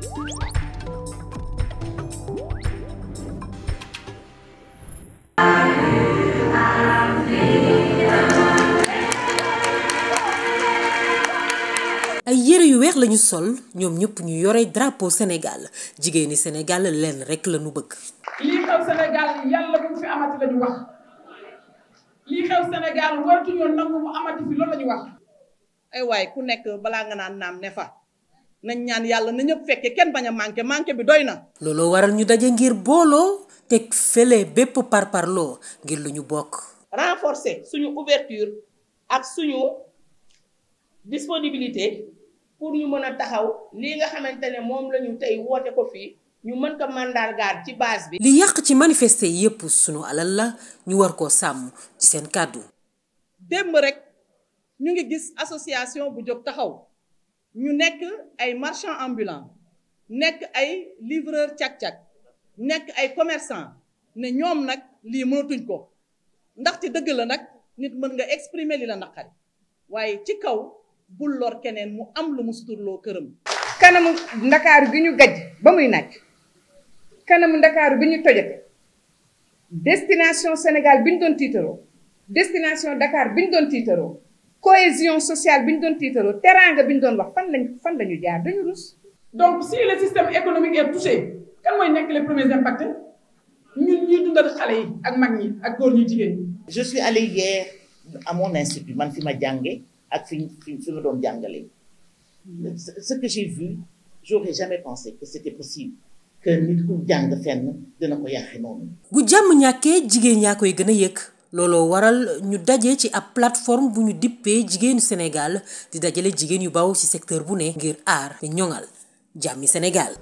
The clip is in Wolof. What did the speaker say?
ay yére yu weex lañu sol ñoom ñëpp ñu yore drapeau Sénégal jigéeni Sénégal lenn rekk la bëgg. lii xew Sénégal yàlla bu fi amati la wax lii xew Sénégal waratuñoo nangu amati fi loolu la wax. ay waay ku nekk balaa nga naan naam ne fa. nañ ñaan yàlla na ñëpp fekkee kenn bañ a manqué manqué bi doy na. looloo waral ñu daje ngir booloo teg fële bépp par parloo ngir lu ñu bokk. renforcer suñu ouverture ak suñu disponibilité pour ñu mën a taxaw lii nga xamante ne moom lañu tey woote ko fii. ñu mën ko mandargaal ci baas bi. li yàq ci manifester yépp suñu alal la ñu war koo sàmm ci seen kàddu. démb rek ñu ngi gis association bu jóg taxaw ñu nekk ay marchand ambulant nekk ay livreur cak-cak nekk ay commerçant ne ñoom nag lii mënatuñ ko ndaxte dëgg la nag nit mën nga exprimer li la naqari waaye ci kaw bul lor keneen mu am lu mu suturloo këram kanamu ndakaaru bi ñu gajj ba muy naaj kanamu ndakaaru bi ñu tojate destination Sénégal bi ñu doon tiitaroo destination Dakar bi ñu doon tiitaroo cohésion sociale bi ñu doon tiitaroo teraanga bi ñu doon wax fan lañ fan la ñu jaar dañu rus. donc si le système économique est touché kan mooy nekk les premiers impactés ñun ñuy dundal xale yi ak mag ñi ak góor ñi jigéen ñi. je suis allée hier à mon institut man fi ma jàngee ak fi fi fi ma doon jàngale ce que j'ai vu j'aurais jamais pensé que c'était possible. que nit ku jàng fenn dina ko yàqe noonu. bu jàmm ñàkkee jigéen yaa koy gën a yëg. looloo waral ñu daje ci ab plateforme bu ñu dippee jigéenu Sénégal di dajalee jigéen yu baw ci secteur bu ne ngir aar te ñoŋal jàmmi Sénégal